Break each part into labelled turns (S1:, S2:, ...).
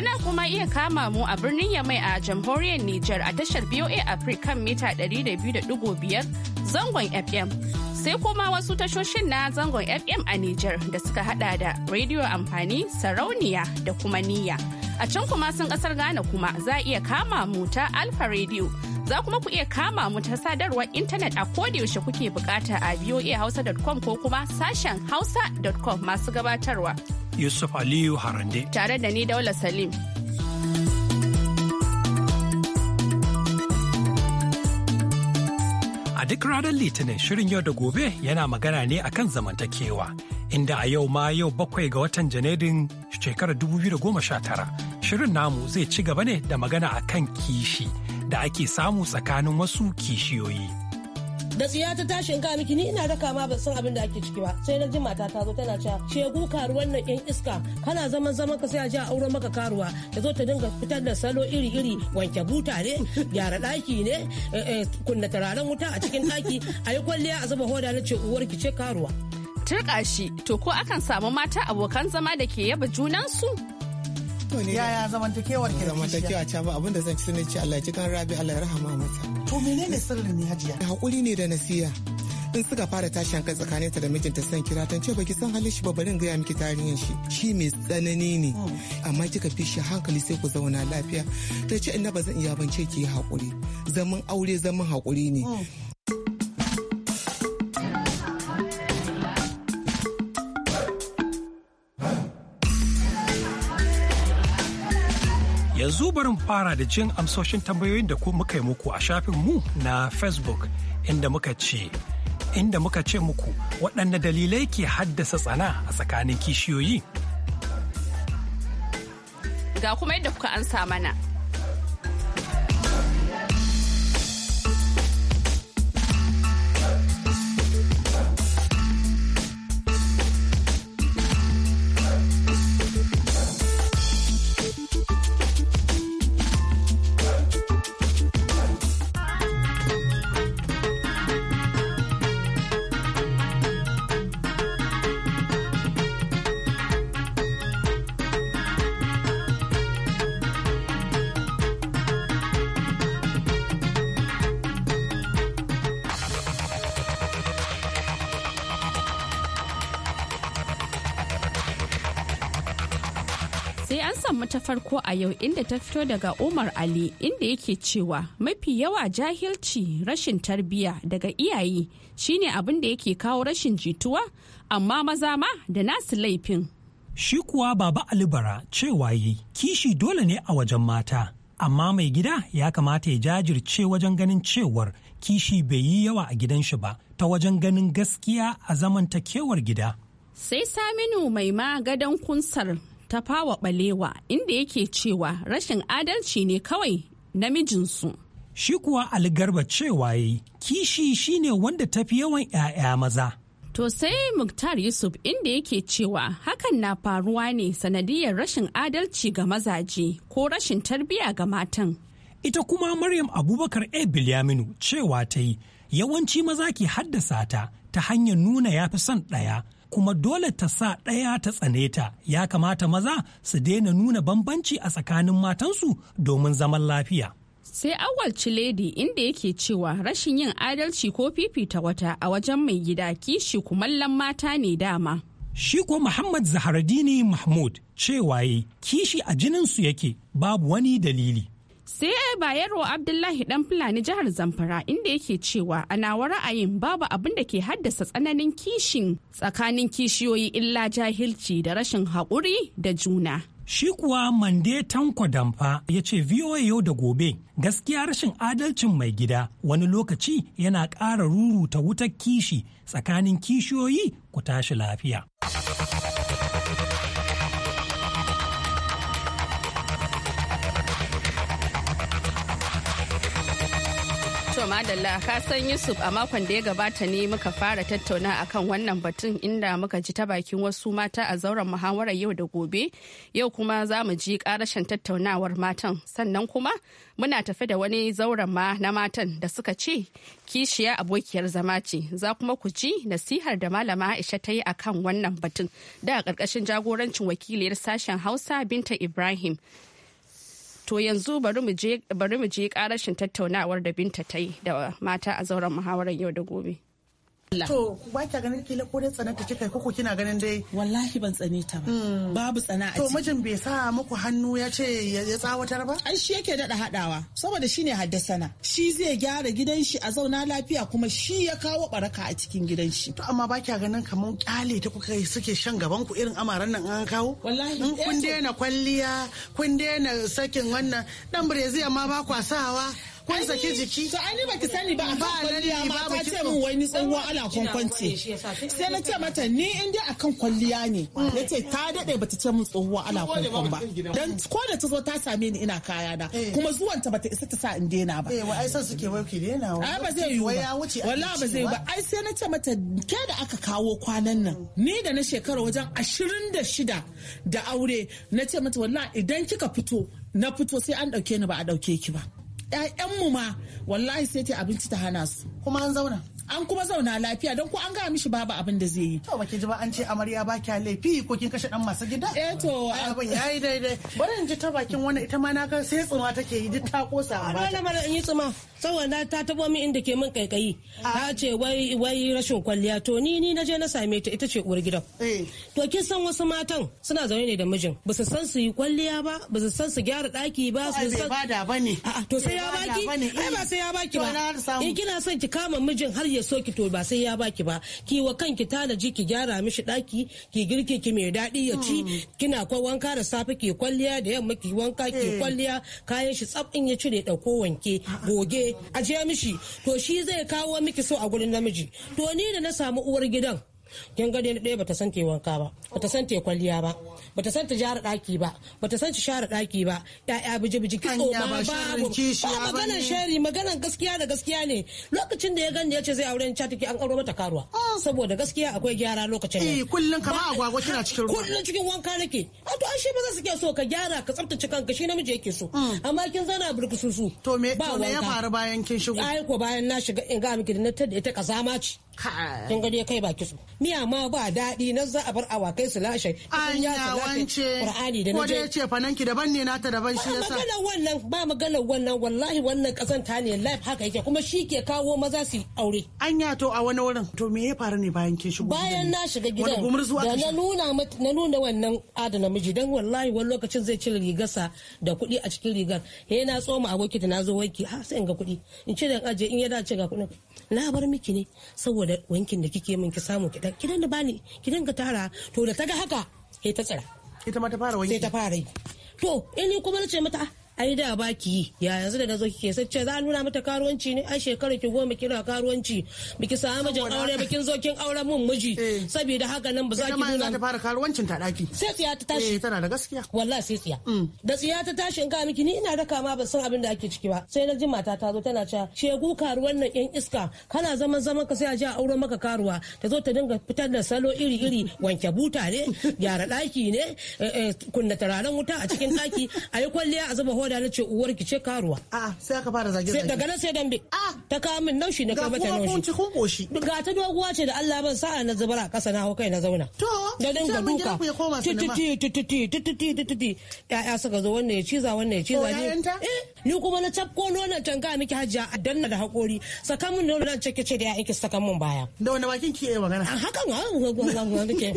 S1: Ana kuma iya kama mu a birnin Yamai a jamhuriyar Nijar a tashar BOA Africa mita 200.5 zangon FM. Sai kuma wasu tashoshin na zangon FM a Nijar da suka hada da rediyo amfani, sarauniya da kuma niyya. A can kuma sun kasar Ghana kuma za iya kama mu ta Alfa Radio. Za kuma ku iya kama mu ta sadarwar intanet a kodayaushe kuke bukata a voahausa.com ko kuma sashen hausa.com masu gabatarwa.
S2: Yusuf Aliyu Harande.
S1: Tare da ni Daula Salim.
S2: A duk ranar Litinin shirin yau da gobe yana magana ne akan zamantakewa, inda a yau ma yau bakwai ga watan Janairun shekarar 2019 shirin namu zai ci gaba ne da magana akan kishi da ake samu tsakanin wasu kishiyoyi.
S3: da tsiya ta tashi in ka miki ni ina raka ma ban san abin da ake ciki ba sai na ji mata ta zo tana cewa shegu karuwan nan yan iska kana zaman zaman ka sai a ji auren maka karuwa ta zo ta dinga fitar da salo iri iri wanke buta ne gyara daki
S1: ne eh, eh, kunna turaren wuta a cikin daki a yi kwalliya a zuba hoda na ce uwar ki ce karuwa turka shi to ko akan samu mata abokan zama da ke yaba junansu? su
S4: ne yaya zamantakewar ke zamantakewa ta ba abinda zan ci ce Allah ya ji kan rabi Allah ya rahama masa to menene sirrin ne hajiya hakuri ne da nasiya in suka fara tashi hankali tsakanin ta da mijinta san kira tan ce baki san halin shi ba barin gaya miki tarihin shi shi mai tsanani ne oh. amma kika fi shi hankali sai ku zauna lafiya ta ce ina ba zan iya bance ki hakuri zaman aure zaman hakuri ne oh.
S2: yanzu bari mu fara da jin amsoshin tambayoyin da muka yi muku a shafin mu na facebook inda muka ce inda muka ce muku waɗanne dalilai ke haddasa tsana a tsakanin kishiyoyi
S1: ga kuma yadda kuka ansa mana ta farko a yau inda ta fito daga Umar Ali inda yake cewa mafi yawa jahilci rashin tarbiyya daga iyaye shine abin da yake kawo rashin jituwa amma maza ma da nasu laifin.
S2: Shi kuwa baba Alibara cewa yi kishi dole ne a wajen mata. Amma mai gida ya kamata ya jajirce wajen ganin cewar kishi bai yi yawa a gidan shi ba ta wajen ganin gaskiya a zamantakewar gida.
S1: Sai Saminu mai ma gadon kunsar ta fawa balewa inda yake cewa rashin adalci ne kawai namijinsu.
S2: Shi kuwa algarba cewa yi kishi shi ne wanda tafi yawan 'ya'ya maza.
S1: To sai Muktar Yusuf inda yake cewa hakan na faruwa ne sanadiyar rashin adalci ga mazaje ko rashin tarbiya ga matan.
S2: Ita kuma Maryam Abubakar A. Bilyaminu cewa ta yi yawanci maza ke haddasa ta ta hanyar nuna ya fi son ɗaya. kuma dole ta sa ɗaya ta tsane ta ya kamata maza su daina nuna bambanci a tsakanin matansu domin zaman lafiya
S1: sai awal ciledi inda yake cewa rashin yin adalci ko fifita wata a wajen mai gida kishi kumallon mata ne dama
S2: shi ko muhammad zaharadini mahmud cewa kishi a jininsu yake babu wani dalili
S1: sai bayero abdullahi dan fulani jihar zamfara inda yake cewa a nawa ra'ayin babu abin da ke haddasa tsananin kishin tsakanin kishiyoyi illa jahilci da rashin haƙuri da juna
S2: Shi kuwa Mande Tanko Damfa ya ce VOA yau da gobe gaskiya rashin adalcin mai gida wani lokaci yana ƙara ruruta wutar kishi tsakanin kishiyoyi ku tashi lafiya.
S1: To Madalla ka san Yusuf a makon da ya gabata ne muka fara tattauna akan wannan batun inda muka ji ta bakin wasu mata a zauren muhawarar yau da gobe yau kuma za mu ji karashin tattaunawar matan sannan kuma muna tafi da wani zauren ma na matan da suka ce kishiya abokiyar zama ce za kuma ku ji nasihar da malama Aisha ta yi akan wannan batun da a ƙarƙashin jagorancin wakiliyar sashen Hausa Binta Ibrahim To yanzu bari mu je karashin tattaunawar da Binta ta yi da mata a zauren muhawarar yau da gobe.
S5: To ba kya ganin kila ko dai tsananta kika ko kina ganin dai. Wallahi ban tsane ta ba. Hmm. Babu tsana a ciki. To mijin bai sa muku hannu ya ce ya tsawatar ba? Ai shi yake dada hadawa saboda shine haddasana. Shi zai gyara gidan shi a zauna lafiya kuma shi ya kawo baraka a cikin gidan shi. To amma ba kya ganin kamar kyale ta kuka suke shan gaban ku irin amaran nan an kawo? Wallahi. kun eh daina kwalliya kun daina sakin wannan dan bireziya ma ba kwasawa kun saki jiki to ai ne baki sani
S6: ba akan kwalliya ma ta ce min wai ni tsawo ala kwankwanci
S3: sai na ce mata
S6: ni in dai akan kwalliya ne ce ta dade bata ce min tsohuwa ala kwankwan ba dan ko da ta zo ta same ni ina kaya na eh. kuma zuwanta bata isa ta sa in daina ba eh wai san
S5: suke wai ki daina ai ba zai yi ba wallahi ba zai ba
S6: ai sai na ce mata ke da aka kawo kwanan nan ni da na shekara wajen 26 da aure na ce mata wallahi idan kika fito na fito sai an dauke ni ba a dauke ki ba 'ya'yanmu ma
S5: wallahi sai ta abinci ta hana su kuma an zauna an kuma zauna lafiya don ko an ga mishi babu abin da zai yi to baki ji ba an ce amarya ba kya laifi ko kin kashe dan masu gida eh to abin yayi daidai bari in ji ta bakin wannan ita ma na ga sai tsuma take yi duk ta kosa
S3: ba dole mara in yi tsuma saboda ta tabo min inda ke min kaikayi ah. ta ce wai wai rashin kwalliya to ni ni na je na same ta ita ce uwar gidan eh. to kin san wasu matan suna zaune ne da mijin ba su san su yi kwalliya ba ba su san su gyara daki ba su san ba da bane to sai ya baki ai ba sai ya baki ba in kina son ki kama mijin har ya ya so ki to ba sai ya baki ba ki wa kanki tanaji ki gyara mishi daki ki girki ki mai dadi ya ci hmm. kina kwa wanka da safe ki kwalliya da yamma ki wanka ki eh. kwalliya kayan shi tsaf in ya cire dauko wanke goge aje mishi to shi zai kawo miki so a gurin namiji to ni da na samu uwar gidan kin ga dai ɗaya bata san yi wanka ba bata san yi kwalliya ba bata san ta jara daki ba bata san ta share daki ba ƴaƴa biji biji kitso ma babu magana shari magana gaskiya da gaskiya ne lokacin da ya gani ya ce zai aure ta take an aure mata karuwa ah. saboda gaskiya akwai gyara lokacin ne eh, kullun kamar agwagwa kina cikin ruwa kullun cikin wanka nake a ah, to ashe ba za su ke so ka gyara ka tsaftace kanka shi namiji yake so hmm. amma kin zana burkususu to me to me ya faru bayan kin shigo ai ko bayan na shiga in ga miki da na tada ita kazama ce kin ga ya kai ba kitso miya ma ba daɗi na za a bar awakai su lashe ya wance qur'ani da naje ce ki daban ne nata daban shi yasa magana wannan ba magana wannan wallahi wannan ta ne life haka yake kuma shi ke kawo maza su aure ya to a wani wurin to me ya faru ne bayan kin shigo bayan na shiga gidan da na nuna na nuna wannan adana miji dan wallahi wani lokacin zai cire rigarsa da kuɗi a cikin rigar he na tsoma aboki da na zo wanki ha sai in ga kuɗi in ce da aje in ya dace ga kuɗin na bar miki ne saboda da wankin da kike min ki samu kidan kidan da bani kidan ka tara to da ta ga haka sai ta tsira ita ma ta fara wanki sai ta fara yi to eh, ni kuma na ce mata ai da ba ki yi ya yanzu da nazo kike sai ce za nuna mata karuwanci ne ai shekara ki goma kina karuwanci biki samu mijin aure bikin zo kin aure mun miji eh. saboda haka nan ba za ki nuna ta fara karuwancin ta daki sai tsiya ta tashi eh, tana da gaskiya wallahi sai tsiya mm. da tsiya ta tashi in ga miki ni ina raka ma ba san abin da ake ciki ba sai na ji mata ta zo tana cewa shegu karuwan nan yan iska kana zaman zaman ka sai a ji a aure maka karuwa ta zo ta dinga fitar da salo iri iri wanke buta ne gyara daki ne eh, kunna turaren wuta a cikin daki ayi kwalliya a zuba hore da nace uwar ki ce karuwa a sai aka fara zage zage daga nan sai dambe a ah! ta ka min naushi na ka bata naushi ga kun koshi ga ta doguwa ce da Allah ban sa'a na zubar a kasa na hokai na zauna to da dinga duka tititi tititi tititi suka zo wannan ya ciza wannan ya ciza ni. Eh, ni kuma na tafko nonon tanga miki hajiya a danna da hakori saka min nonon cike ce da ya'yan ki saka min baya da wani bakin ki yi magana hakan ha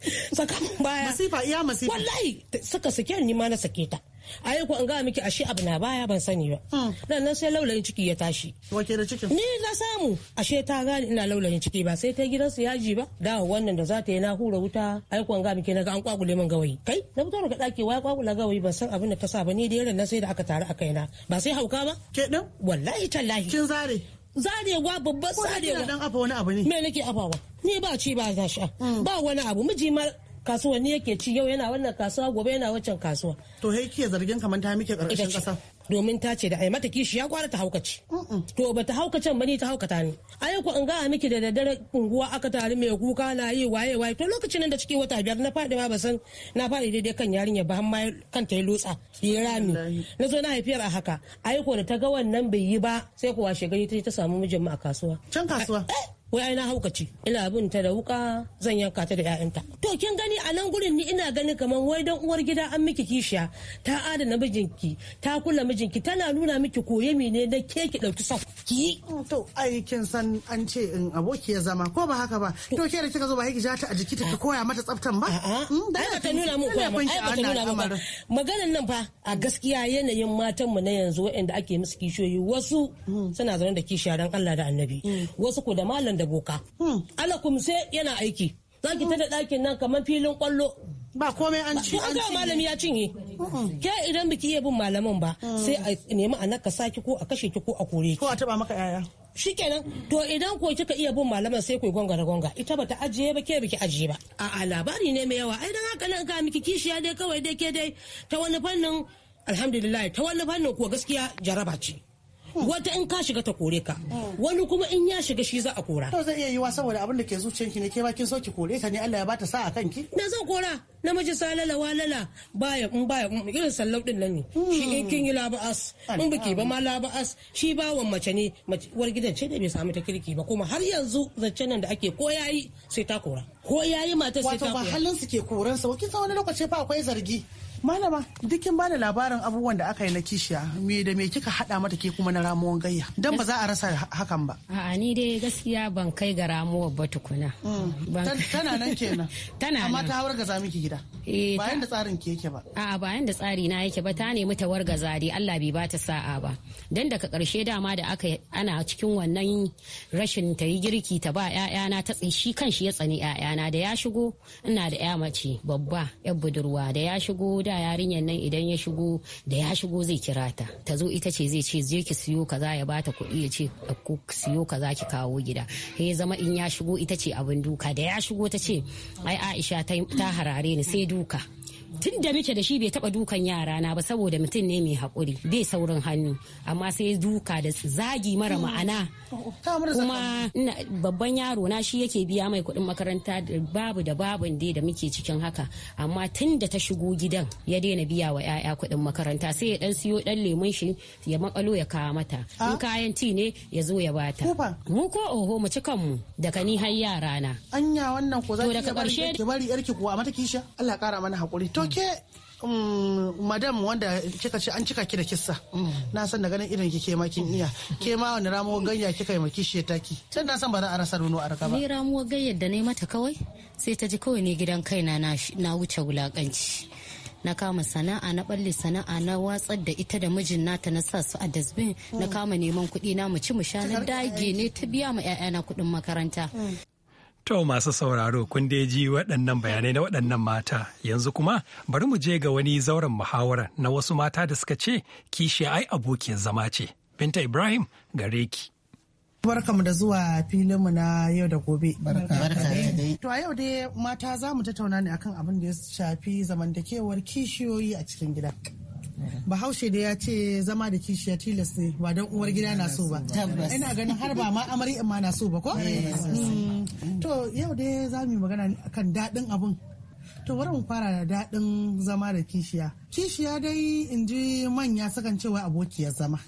S3: saka ha baya masifa iya masifa ha ha ha ni ma na sake ta ai ko in ga miki ashe abu na baya ban sani ba nan hmm. nan sai laulayin ciki ya tashi wace da cikin ni na samu ashe ta gani ina laulayin ciki ba sai ta su yaji ba da wannan da za ta yi na hura wuta ai ko in ga miki naga an kwagule min gawayi kai na fito daga daki waya kwagula gawayi ban san abin da ta sa ba ni da yaran nan sai da aka taru a kaina ba sai hauka ba ke ɗan? wallahi tallahi kin zare zarewa babban zarewa dan afa wani abu ne me nake afawa ni ba ci ba za sha hmm. ba wani abu miji ma kasuwanni yake ci yau yana wannan kasuwa gobe yana wancan kasuwa to he ke zargin kamar ta mike karkashin kasa domin ta ce da ai mata kishi ya kwara ta haukace to ba ta haukacen ba ni ta haukata ne ai ku in ga a miki da daddare unguwa aka tare mai kuka na yi waye waye to lokacin da cike wata biyar na fadi ma ba san na fadi daidai kan yarinya ba amma kanta ya lotsa yi rami na zo na haifiyar a haka ai ko da ta ga wannan bai yi ba sai kuwa shegari ta ta samu mijin mu a kasuwa can kasuwa eh, wai na haukace ina bin ta da wuka zan yanka ta da ƴaƴanta. to kin gani a nan gurin ni ina ganin kamar wai dan uwar gida an miki kishiya ta adana mijinki ta kula mijinki tana nuna miki koye ne na ke ki dauki sa ki mm, to ai kin san an ce in aboki ya zama ko ba haka ba to ke da kika zo ba ki ja ta a jiki
S5: ta ah. koya mata tsaftan ba da ta nuna mu mm, koya ai ba ta nuna mu
S3: maganan nan fa a gaskiya yanayin matan mu na yanzu waɗanda ake musu kishiyoyi wasu mm. suna zaune da kishiya dan Allah da Annabi wasu ko da malam da boka. Hmm. Alakumse yana aiki. Za ki tada hmm. ɗakin nan kamar filin kwallo. Ba komai an ci an cinye. malami ya cinye. Hmm. Ke idan biki iya bin malaman ba sai a nemi a naka saki ko a kashe ki ko a kore ki. Ko a taba maka yaya. shikenan to idan ko kika iya bin malaman sai ku gonga da gonga ita bata ajiye ba ke biki ajiye ba a'a labari ne mai yawa ai dan haka nan ga miki kishiya dai kawai dai ke dai ta wani fannin alhamdulillah ta wani fannin kuwa gaskiya jaraba ce wata in ka shiga ta kore ka hmm. wani kuma in ya shiga shi za a kora to
S5: zai iya yi wa saboda abin da ke zuciyanki ne ke bakin so ki kore ta ne Allah ya bata sa a kanki
S3: na zan kora namiji salala walala baya in baya irin sallau din nan ne hmm. shi in kin yi laba'as in biki ba ma laba'as shi bawan mace ne war gidan ce da bai samu ta kirki ba kuma har yanzu zance nan da ake ko yayi sai ta kora ko yayi mata sai ta kora wato ba halin
S5: su ke koran sa kin sa wani lokaci fa akwai zargi malama dukkin bani labarin abubuwan da aka yi na kishiya me da me kika hada mata ke kuma na ramuwan gayya
S7: dan ba za a rasa hakan ba a'a ni dai gaskiya ban kai ga ramuwar ba tukuna mm. tana nan kenan tana amma ta wargaza miki gida eh, bayan da tsarin ki yake ba a'a bayan da tsari na yake ba ta nemi ta wargaza dai Allah bai bata sa'a ba dan daga karshe dama da aka ana cikin wannan rashin ta yi girki ta ba ƴaƴana ta shi kan shi ya tsani ƴaƴana da ya shigo ina da ƴa mace babba ƴar budurwa da ya shigo da yarinyar nan idan ya shigo da ya shigo zai kira ta ta zo ita ce zai ce je ki siyo kaza ya bata kuɗi ya ce ko siyo kaza ki kawo gida he zama in ya shigo ita ce abin duka da ya shigo ta ce ai Aisha ta harare ni sai duka tun da muke da shi bai taba dukan yara na ba saboda mutum ne mai hakuri bai saurin hannu amma sai duka da zagi mara mm. ma'ana oh, oh, kuma babban yaro na shi yake biya mai kuɗin makaranta babu da babun dai da muke cikin haka amma tun da ta shigo gidan ya daina biya wa 'ya'ya kuɗin makaranta sai ya dan siyo dan lemun shi ya makalo ya kawo mata ah. in kayan ti ne ya zo ya bata mu ko oho mu ci kanmu daga ni har yara na anya
S5: wannan ko za ki bari yarki kuwa mata kisha Allah kara mana hakuri to ke um, madam wanda kika ce an cika ki da kissa mm. na san da ganin irin ki ke makin iya ke
S7: ma wani ramuwar ganya kika yi maki shi taki can na san ba za a rasa nuno a raka ba ni ramuwar gayyar da ne mata kawai sai ta ji kawai ne gidan kaina na wuce wulakanci na kama sana'a na balle sana'a na watsar da ita da mijin nata na sa su a dasbin na mm. kama neman kuɗi na mu ci mu sha na dage ne ta biya ma 'ya'yana kuɗin makaranta mm.
S2: To masu sauraro kun dai ji waɗannan bayanai na waɗannan mata yanzu kuma bari mu je ga wani zauren muhawara na wasu mata da suka ce kishi ai abokin zama ce. Binta Ibrahim
S5: gare ki. Barkamu da zuwa filinmu na yau da gobe. To a yau dai mata za mu tattauna ne akan abin da ya shafi zamantakewar kishiyoyi a cikin gida. bahaushe da ya ce zama da kishiya tilas ne ba don uwar gida na so ba ina ganin har ba ma amari ma na so ba ko eh, mm. to yau dai za mu yi magana kan daɗin abun to bari mu fara da daɗin zama da kishiya kishiya dai in ji manya sukan cewa abokiyar zama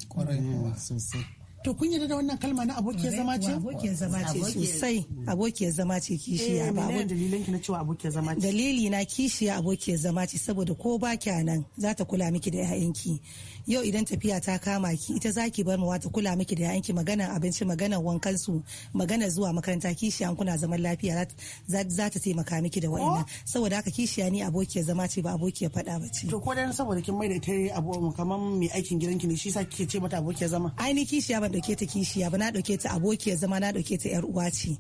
S5: To kun yarda da wannan kalma na abokiyar zama ce? Abokiyar zama ce sosai. Abokiyar zama ce kishiya eh, ba. Eh
S8: ki na cewa abokiyar zama ce? Dalili na kishiya abokiyar zama ce saboda ko ba kya nan za ta kula miki da 'ya'yanki. yau idan tafiya ta kama ki ita zaki bar mu wata kula miki da yanki magana abinci magana wankan su magana zuwa makaranta kishiya kuna zaman lafiya za ta taimaka miki da wa'annan oh. saboda haka kishiya ni abokiyar zama ce ba abokiyar faɗa ba ce to
S5: ko dan saboda kin mai da ita abu kamar mai aikin gidanki ne shi sa kike ce mata abokiyar zama ai ni kishiya ban
S8: dauke ta kishiya ba na dauke ta abokiyar zama na dauke ta yar uwa ce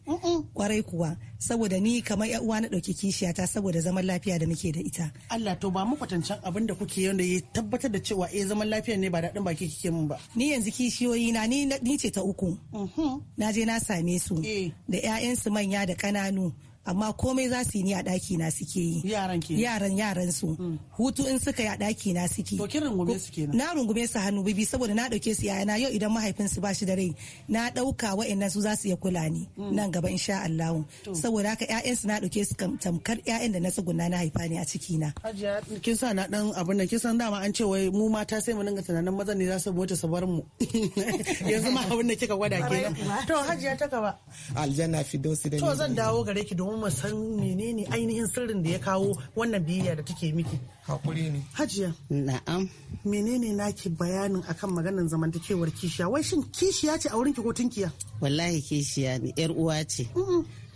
S8: kwarai kuwa saboda ni kamar yar uwa na dauki kishiya ta saboda zaman lafiya da muke da ita
S5: Allah to ba mu kwatancin abin da kuke yanda ya tabbatar da cewa eh zaman lafiyar ne ba daɗin baki kike min ba.
S8: Ni yanzu kishiyoyi na ni ce ta uku. Mhm. Na je na same su eh. da 'ya'yansu manya da ƙananu amma komai za su yi ni a ɗaki na suke yi yaran yaran su mm. hutu in suka yi a ɗaki na suke to kin rungume su kenan na rungume su hannu bibi saboda na ɗauke su yayana yau idan mahaifin su bashi da rai na ɗauka wa'annan su za su iya kula ni mm. nan gaba insha Allah saboda haka ƴaƴan
S5: su na ɗauke su tamkar ƴaƴan da na tsuguna na haifa ni a ciki na hajiya kin sa na dan abin nan kin san dama an ce wai mu mata sai mu dinga tunanin maza ne za su mota su bar mu yanzu ma abin da kika gwada kenan to hajiya ta gaba
S4: aljanna fidosi da to zan dawo
S5: gare ki don Kuma mu san menene ainihin sirrin da ya kawo wannan biyayya da take miki hakuri ne hajiya na'am menene naki bayanin akan maganar zamantakewar kishiya wai shin kishiya
S9: ce a wurin ki ko tunkiya wallahi kishiya ne yar uwa ce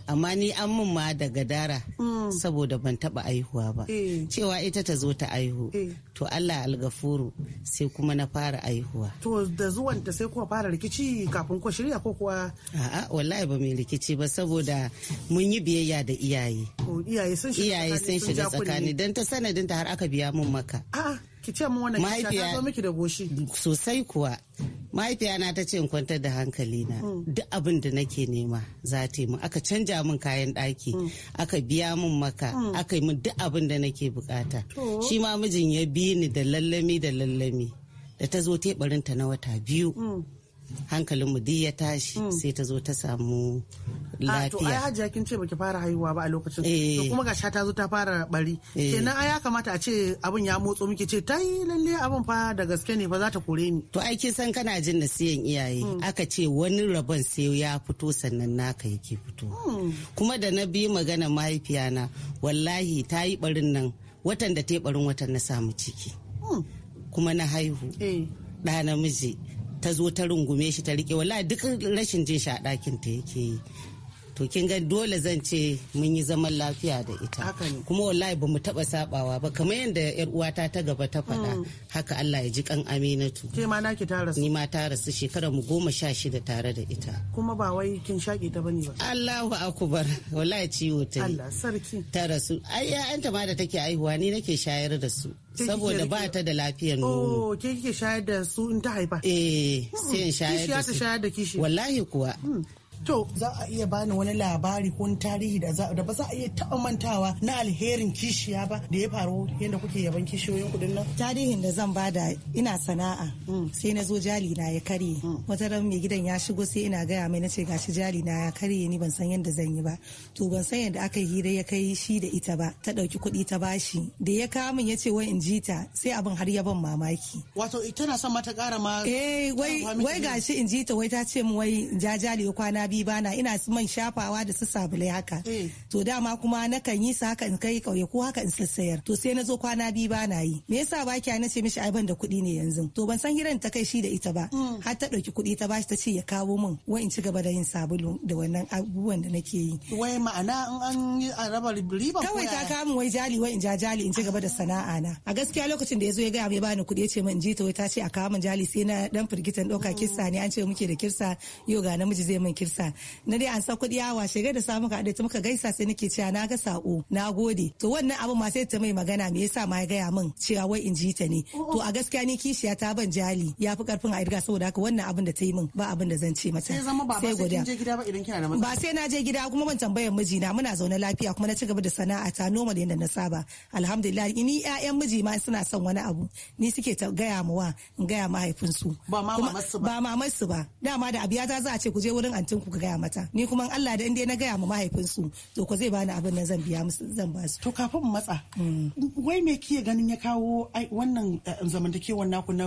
S9: amma ni an mun ma da gadara mm. saboda ban taba aihuwa ba eh. cewa ita ta zo ta aihu eh. to Allah algafuru sai kuma na fara aihuwa
S5: to da zuwan ta sai kuma fara rikici
S9: kafin ko shirya ko kuwa a'a wallahi ba mai rikici ba saboda mun yi biyayya da iyaye iyaye sun shiga tsakani dan ta sanadin ta har aka biya mun maka a'a
S5: ah. ki ce mu wannan ta zo
S9: miki da goshi sosai kuwa mahaifiya na ta ce in kwantar da hankali na hmm. duk abin da nake nema za ta mu aka canja min kayan daki hmm. aka biya min maka hmm. aka yi min duk abin da nake bukata shi ma mijin ya bi ni da lallami da lallami da ta zo teɓarinta na wata biyu hankalin mu ya tashi hmm. sai ta zo ta samu lafiya. To ai
S5: hajiya kin ce baki fara haihuwa ba a lokacin. To eh. kuma ga sha ta zo ta fara bari. Eh. Kenan ai ya kamata a ce abin ya motso miki ce ta yi lalle abin fa da gaske ne fa za ta kore ni. To ai kin san kana jin nasiyan iyaye hmm.
S9: aka ce wani rabon sai ya fito sannan naka yake fito. Hmm. Kuma da na bi magana mahaifiya na wallahi ta yi barin nan watan da ta yi barin watan na samu ciki. Kuma na haihu. Eh. Ɗa namiji. ta zo ta rungume shi ta rike wala duk rashin jin shi a ɗakin ta yake yi to kin ga dole zan ce mun yi zaman lafiya da ita kuma wallahi bamu taba sabawa ba kamar yadda yar uwata ta gaba ta faɗa hmm. haka Allah ya ji kan Aminatu ke ma naki ta rasu ni ma ta rasu shekara mu goma sha shida tare da ita
S5: kuma ba wai kin shaƙe ta bane ba Allahu akbar wallahi ciwo
S9: ta Allah sarki ta rasu ai ƴaƴanta ma da take aihuwa ni nake shayar da su saboda
S5: ba ta da lafiyar nono. Oh, ke kike shayar da su in ta haifa? Eh, sai in hmm. shayar da su. Kishiya ta shayar da kishi. Wallahi kuwa. Hmm. to za a iya bani wani labari ko tarihi da ba za a iya taɓa mantawa na alherin kishiya ba da ya faru yadda kuke yaban kishiyoyin kudin nan
S8: tarihin da zan bada ina sana'a mm. sai na zo jali na ya karye mm. wata ran mai gidan ya shigo sai ina gaya mai ce gashi jali na ya karye ni ban san yadda zan yi ba to ban san yadda aka yi hira ya kai shi da ita ba ta ɗauki kuɗi ta bashi da ya kawo min ya ce wai in ji ta sai abin har ya ban mamaki
S5: wato tana son mata ƙara ma eh
S8: wai gashi in ji ta wai ta ce min wai jajali ya kwana bi biyu bana ina su man shafawa da su sabulai haka eh. to dama kuma na kan yi su haka in kai kauye ko haka in sassayar to sai na zo kwana biyu bana yi me yasa ba kiya na ce mishi ai ban da kuɗi ne yanzu to ban san hiran ta kai shi da ita ba hmm. har ta ɗauki kuɗi ta bashi ta ce ya kawo min wai in ci gaba da yin sabulu da wannan abubuwan da nake yi wai ma'ana in an yi a raba riba kawai ta kamun wai jali wai in ja jali in ci gaba da sana'a na a gaskiya lokacin da ya zo ya gaya mai bani kuɗi ya ce min in je ta wai ta ce a kawo min jali sai na dan firgitan dauka hmm. kirsa ne an ce muke da kirsa yau ga namiji zai min kirsa gaisa na dai an sa kuɗi yawa shiga da samu ka ta muka gaisa sai nake cewa na ga sako na gode to wannan abu ma sai ta mai magana me yasa ma ya gaya min cewa wai in ji ta ne oh. to a gaskiya ni kishiya ta ban jali ya fi karfin a irga saboda haka wannan abin da ta yi min ba abin da zan ce mata sai zama ba sai je
S5: gida ba idan kina da ba sai
S8: na je gida kuma ban tambayar mijina muna zaune lafiya kuma na ci gaba da sana'a ta normal yadda na saba alhamdulillah ni ƴaƴan miji ma suna son wani abu ni suke gaya mu wa in gaya mahaifinsu ba mamansu ba ba dama da ta za a ce ku je wurin antin kuka gaya mata ni kuma Allah da inda na gaya ma mahaifinsu to ko zai bani
S5: abin nan zan biya musu zan ba su to kafin mu matsa mm. wai me kike ganin ya kawo wannan eh, zamantakewar naku na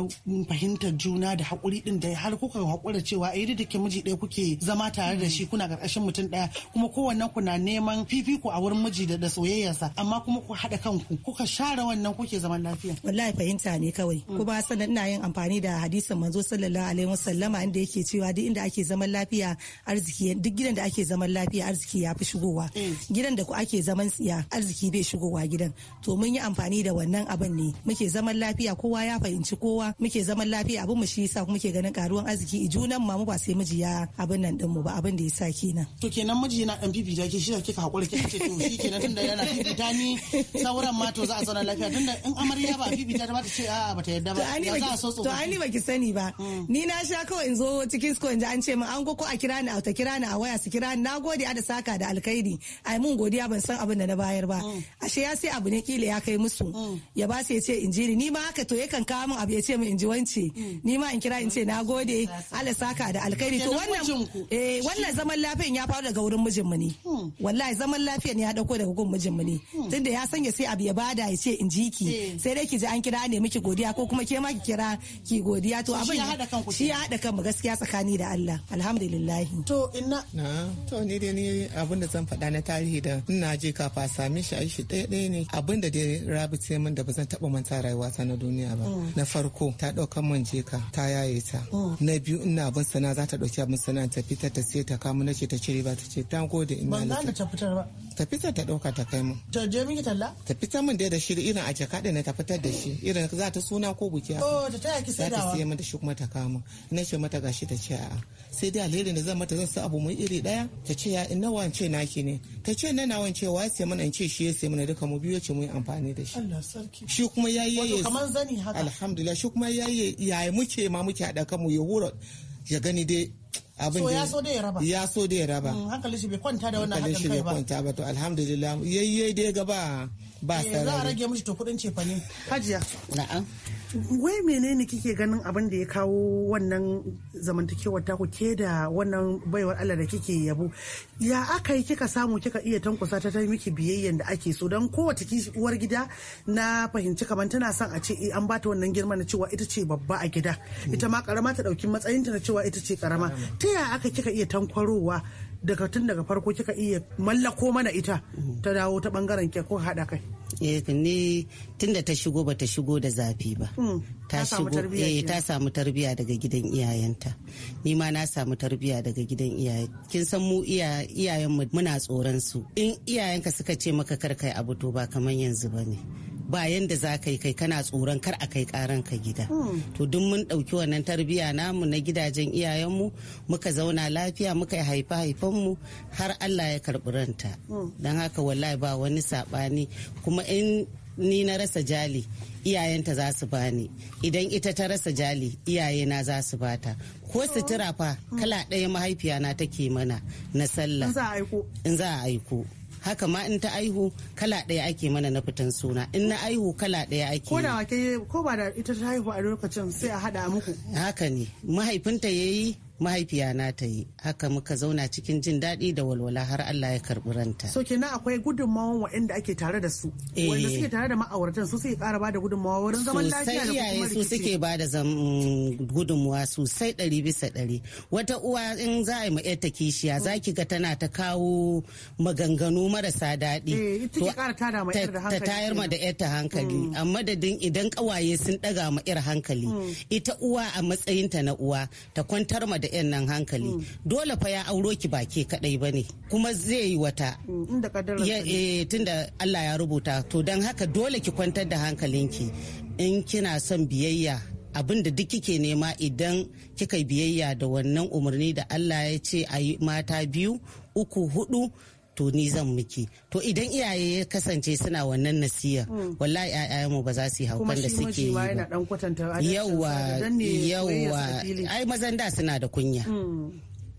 S5: fahimtar juna da hakuri din da har kuka hakura cewa ai da ke miji ɗaya kuke zama tare da shi mm. kuna karkashin mutum ɗaya kuma kowannen ku na neman fifiko a wurin miji da soyayyarsa amma kuma ku haɗa kanku kuka share wannan kuke zaman lafiya wallahi
S8: fahimta ne kawai mm. kuma sanan ina yin amfani da hadisin manzo sallallahu alaihi wasallama inda yake cewa duk inda ake zaman lafiya arziki duk gidan da ake zaman lafiya arziki ya fi shigowa mm. gidan da ku ake zaman tsiya arziki bai shigowa gidan to mun yi amfani da wannan abin ne muke zaman lafiya kowa ya fahimci kowa muke zaman lafiya abin mu shi yasa muke ganin karuwan arziki junan ma mu ba sai miji ya abin nan din mu ba abin da yasa kenan
S5: to kenan miji yana dan da ke shi kika hakuri kika ce to shi kenan tunda yana fifita ni sauran ma to za a zauna lafiya tunda in amarya ba fifi ta ba ta ce a'a ba ta yarda ba ya za a so to ani
S8: baki sani ba mm. ni na sha kawai in zo cikin sko in ji an ce min an ko a kira ni a ta kira ni a waya su kira ni na gode a da saka da alkhairi ai mun godiya ban san abin da na bayar ba mm. ashe ya sai abu ne kila ya kai musu mm. ya ba su ya ce in ji ni ni ma haka to yakan kawo min abu ya ce min in ji wance mm. ni ma in kira in ce nagode ala saka da alkhairi to wannan eh wannan zaman lafiyan ya faru daga wurin mijinmu ne wallahi zaman lafiyan ya dauko daga gun mijinmu ne tunda ya sanya sai abu ya bada ya ce in ji ki eh. sai dai ki ji an kira ne miki godiya ko kuma ke ma ki kira ki godiya to abin shi ya hada kanmu gaskiya tsakani da Allah alhamdulillah to
S4: ina na to ni dai ni abinda zan faɗa na tarihi da ina je kafa same shi aishi ɗaya ɗaya ne abinda dai rabi ce min da ba zan taɓa manta rayuwa ta na duniya ba mm. na farko ta ɗaukan man jeka ta yaye ta mm. na biyu ina abin sana za ta ɗauki abin sana ta fitar ta sai ta kamu na ce ta cire ba ta ce ta gode ina ban ta fitar ba ta fitar ta ɗauka ta kai mu.
S5: ta je miki talla
S4: ta fitar min dai da shi irin a jaka ɗin ta fitar da shi irin za ta suna ko buki oh ta taya ki saidawa za ta sai da shi kuma ta kama na ce mata gashi ta ce a'a sai dai alherin da zan mata zan sa abu mu iri daya ta ce ya ina wa ce naki ne ta ce na nawan ce wa sai mana ce shi ya sai mana duka mu biyo ce mu yi amfani da shi
S8: shi kuma yayi wato kaman zani
S4: haka alhamdulillah shi kuma yayi yayi muke ma muke hada kanmu ya hura ya gani dai abin da so da ya raba ya so da ya raba mm,
S5: hankali shi bai kwanta da wannan hakan kai ba
S4: kwanta ba to alhamdulillah yayye dai gaba ba eh, sarari za a rage
S5: mishi to kudin cefane hajiya na'am wai menene kike ganin abin da ya kawo wannan zamantakewar taku ke da wannan baiwar Allah da kike yabo ya aka yi kika samu kika iya tankusa ta ta miki biyayyen da ake so don kowace uwar gida na fahimci kamar tana son a ce eh, an bata wannan girma na cewa ita ce babba a gida ita ma karama ta dauki matsayinta na cewa ita ce karama ta ya aka kika iya tankwarowa daga tun daga farko kika iya mallako mana ita ta dawo ta bangaren ke ko haɗa kai eh, ne tun da ta shigo ba ta shigo da zafi
S9: ba hmm, ta shigo eh ta samu tarbiya eh, daga gidan iyayenta ni ma na samu tarbiya daga gidan iyaye kin san mu iya iyayen mu muna tsoron su in iyayenka suka ce maka kar kai abu to ba kamar yanzu bane ba yanda za ka yi kai kana tsoron kar a kai karan ka gida hmm. to duk mun ɗauki wannan tarbiya namu na gidajen iyayenmu muka zauna lafiya muka yi haifa mu har allah ya karbi ranta hmm. dan haka wallahi ba wani saɓani kuma in ni na rasa jali iyayenta za su bani idan ita ta rasa jali iyayena za su bata ko hmm. sutura fa kala ɗaya mahaifiyana na take mana na sallah in za a aiko haka ma in ta aihu kala ɗaya ake mana na fitan suna in na aihu kala ɗaya ake ko da wake ko ba da ita ta haihu a lokacin sai a haɗa muku haka ne mahaifinta yayi mahaifiya na ta yi haka muka zauna cikin jin daɗi da walwala har Allah ya karɓi ranta. So kenan akwai
S5: gudunmawan waɗanda ake tare da su. Eh. Wanda suke tare da ma'auratan su suke ƙara bada gudunmawa wurin zaman lafiya da kuma rikici. su suke
S9: bada mm, gudunmawa sosai ɗari bisa ɗari. Wata uwa in za a yi ma ta kishiya za ki ga tana ta kawo maganganu marasa daɗi. Eh, ta tayar ma da ta hankali. Mm. A madadin idan ƙawaye sun ɗaga ma 'yar hankali. Mm. Ita uwa a matsayinta na uwa ta kwantar ma da 'yan nan hankali mm. dole fa ya auro ki ba ke kadai ba ne kuma zai yi wata
S5: mm, eh,
S9: tunda Allah ya rubuta to don haka dole ki kwantar da hankalinki in kina son biyayya abin da duk kike nema idan kika biyayya da wannan umarni da Allah ya ce a mata biyu uku hudu to ni zan miki to idan iyaye ya kasance suna wannan nasiya hmm. wallahi mu ba za su yi haukan da suke yi ba
S5: yawa yawa
S9: ai mazan da suna da kunya hmm.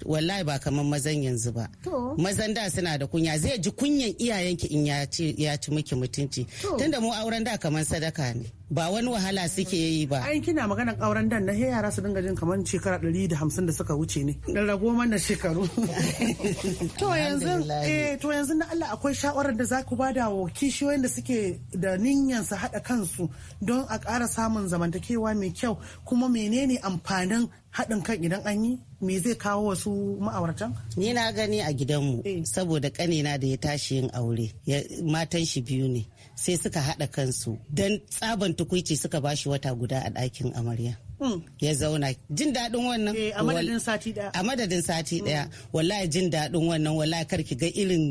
S9: wallahi ba kamar mazan yanzu ba mazan da suna da kunya zai ji kunyan iyayenki in ya ci miki mutunci tunda mu auren da kamar sadaka ne ba wani wahala
S5: suke yi ba ai kina maganar auren dan na yara su dinga jin kamar shekara ɗari da hamsin da suka wuce ne Da rago mana shekaru to yanzu eh to yanzu na Allah akwai shawarar da za zaku bada wa kishiyoyin da suke da ninyan su hada kansu don a ƙara samun zamantakewa mai kyau kuma menene amfanin haɗin kan idan an yi me zai kawo wasu ma'auratan?
S9: Ni na gani a gidanmu eh. saboda kanina da ya tashi yin aure matan shi biyu ne sai suka haɗa kansu don tsaban tukuici suka ba shi wata guda a ɗakin amarya. Hmm. ya zauna jin daɗin wannan eh, a madadin sati hmm. ɗaya a jin daɗin wannan wallahi kar ki ga irin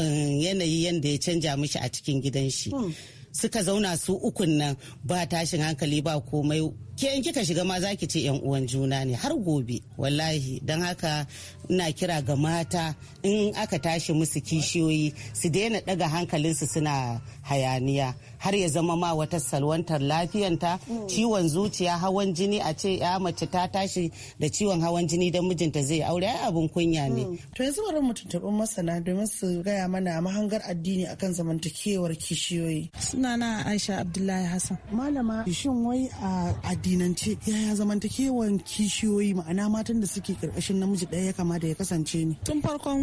S9: um, yanayi yadda ya canja mishi a cikin gidan shi hmm. suka zauna su ukun nan ba tashin hankali ba komai ke in kika shiga ma za ki ce yan uwan juna ne har gobe wallahi don haka ina kira ga mata in aka tashi musu kishiyoyi su daina daga hankalinsu suna hayaniya har ya zama ma wata salwantar lafiyanta ciwon zuciya hawan jini a ce ya mace ta tashi da ciwon hawan jini da mijinta zai aure ai abin kunya ne hmm.
S5: to yanzu bari mu tuntuɓi masana domin su gaya mana mahangar addini akan zamantakewar kishiyoyi Suna na Aisha Abdullahi Hassan malama shin wai a addinance yaya zamantakewar kishiyoyi ma'ana matan da suke karkashin namiji ɗaya ya kamata ya kasance ne tun farkon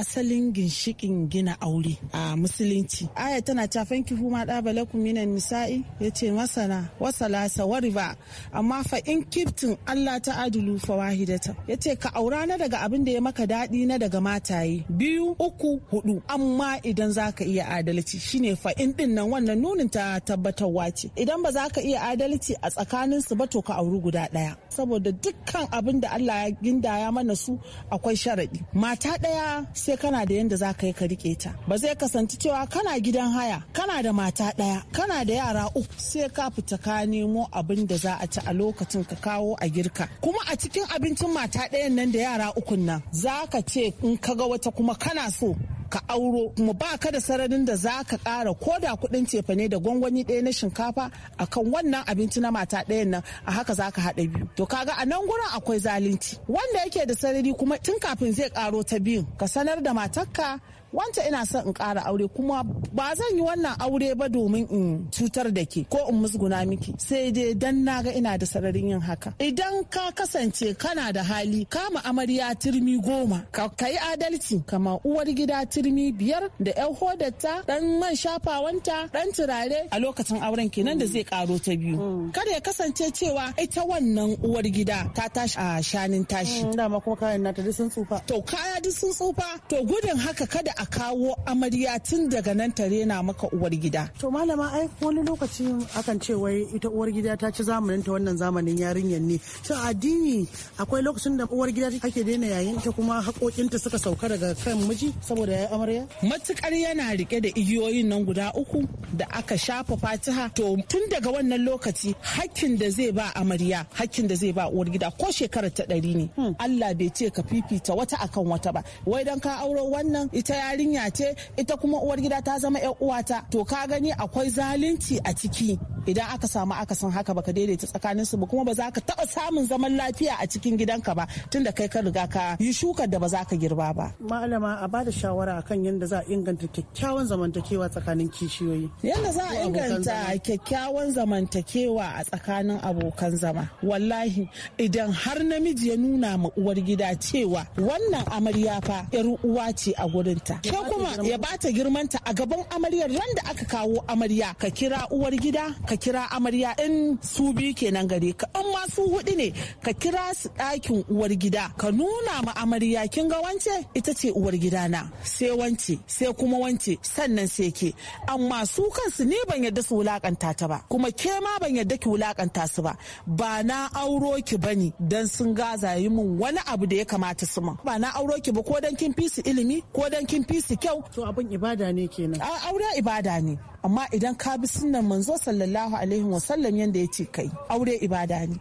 S5: asalin ginshikin
S6: gina aure a musulunci aya tana ta fankihu ma ɗaba lakum minan nisa'i yace masana wasa lasa wa riba amma fa in kiftin Allah ta adulu fa wahidata yace ka aura na daga abin da ya maka daɗi na daga mataye biyu uku hudu amma idan za ka iya adalci shine fa in din nan wannan nunin ta tabbatarwa ce idan ba za ka iya adalci a tsakanin su ba to ka auri guda ɗaya saboda dukkan abin da Allah ya gindaya mana su akwai sharaɗi mata ɗaya sai kana da yanda za ka yi ka riƙe ta ba zai kasance cewa kana gidan haya kana da mata ɗaya kana da yara uku sai ka fita ka nemo abin da za a ci a lokacin ka kawo a girka kuma a cikin abincin mata ɗayan nan da yara ukun nan za ka ce in ka ga wata kuma kana so ka auro kuma ba ka da sararin da za ka ƙara ko da kuɗin cefane da gwangwani ɗaya na shinkafa a kan wannan abinci na mata ɗayan nan a haka za ka haɗa biyu to kaga a nan gurin akwai zalunci wanda yake da sarari kuma tun kafin zai ƙaro ta biyun ka sanar da matarka wanta ina son in ƙara aure kuma ba zan yi wannan aure ba domin in cutar da ke ko in musguna miki sai dai dan na ga ina da sararin yin haka idan ka kasance kana da hali kama amarya turmi goma ka yi adalci kama uwar gida turmi biyar da yan hodarta dan man shafawanta dan turare a lokacin auren kenan da zai karo ta biyu mm. kada ya kasance cewa ita wannan uwar gida ta tashi a shanin tashi mm, dama kuma kayan nata duk tsufa to kaya duk sun tsufa to gudun haka kada a kawo
S5: amarya tun daga nan tare na maka uwar gida. To malama ai wani lokaci akan ce wai ita uwar gida ta ci zamanin ta wannan zamanin yarinyar ne. Shin addini akwai lokacin da uwar gida ake daina yayin ta kuma haƙoƙinta suka sauka daga kan miji saboda ya amarya?
S6: Matukar yana rike da igiyoyin nan guda uku da aka shafa fatiha to tun daga wannan lokaci hakkin da zai ba amarya hakkin da zai ba uwar gida ko shekarar ta ɗari ne. Hmm. Allah bai ce ka fifita wata akan wata ba. Wai dan ka auro wannan ita ya yarinya ce ita kuma uwar gida ta zama 'yar uwata to ka gani akwai zalunci a ciki idan aka samu akasin haka baka daidaita tsakanin su ba kuma ba za ka taba samun zaman lafiya a cikin gidanka ba tunda kai ka riga ka yi shukar da ba za ka girba ba
S5: malama a bada shawara akan yadda za a inganta kyakkyawan zamantakewa tsakanin kishiyoyi yadda za a inganta
S6: kyakkyawan zamantakewa a tsakanin abokan zama wallahi idan har namiji ya nuna ma uwar gida cewa wannan amarya fa yar uwa ce a gurinta ke kuma ya bata girmanta a gaban amaryar randa aka kawo amarya ka kira uwar gida ka kira amarya in su bi kenan gare ka in ma su hudu ne ka kira su ɗakin uwar gida ka nuna ma amarya kin ga wance ita ce uwar gida na sai wance sai kuma wance sannan sai ke amma su kansu ne ban yadda su wulakanta ta ba kuma ke ma ban yadda ki wulakanta su ba ba na auro ki ne dan sun gaza yi min wani abu da ya kamata su ma ba na auro ki ba ko dan kin fi su ilimi ko dan kin fi su kyau to abin ibada ne kenan a aure ibada ne amma idan ka bi sunnan manzo sallallahu sallallahu alaihi wasallam yanda ya ce kai aure ibada ne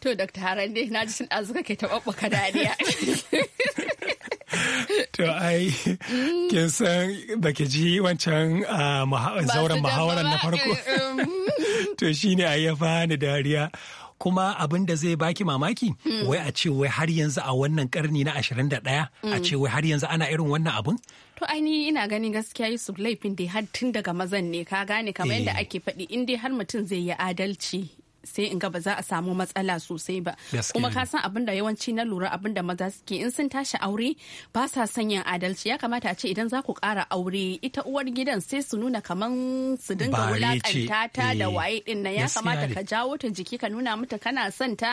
S1: to dr harande na ji sun ɗazu kake taɓaɓɓaka dariya
S2: to ai kin san ba ke ji wancan ah, zauren muhawarar na farko eh, eh, um. to shine a ya fani dariya kuma abin da zai baki mamaki hmm. wai a ce wai har yanzu a wannan karni na 21 a hmm. ce wai har yanzu ana irin wannan abin
S1: to ainihi ina gani gaskiya yusuf laifin dai har tun daga mazan ne ka gane kamar yadda eh. ake faɗi in dai har mutum zai yi adalci sai in ga ba za a samu matsala sosai ba kuma ka san abin yawanci na lura abin da maza suke in sun tashi aure ba sa son yin adalci ya kamata a ce idan za ku kara aure ita uwar gidan sai su nuna kamar su dinga wulakanta ta da eh, waye din ya kamata ka jawo ta jiki ka nuna mata kana son ta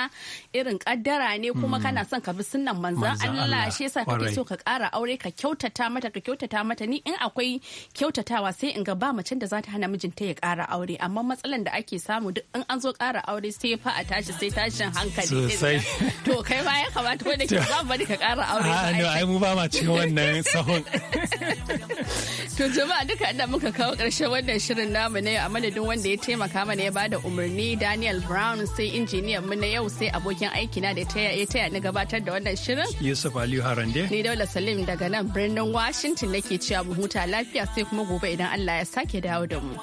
S1: irin kaddara ne kuma hmm. kana son ka bi sunnan manzan Allah shi yasa kake so ka kara aure ka kyautata mata ka kyautata mata ni in akwai kyautatawa sai in ga ba macen da za ta hana mijinta ya kara aure amma matsalan da ake samu duk in an zo kara aure sai fa a tashi sai tashin hankali sosai to kai ma ya kamata wanda ke ba bari ka kara aure ba ai mu ba ma cikin
S2: wannan sahun
S1: to jama'a duka inda muka kawo ƙarshen wannan shirin namu ne a madadin wanda ya taimaka mana ya bada umarni Daniel Brown sai injiniyan mu na yau sai abokin aiki na da ya taya ni gabatar da wannan shirin
S2: Yusuf Aliyu Harande ni
S1: Daula Salim daga nan birnin Washington nake cewa mu huta lafiya sai kuma gobe idan Allah ya sake dawo da mu.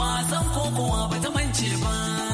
S4: wasan kokowa ba ta mance ba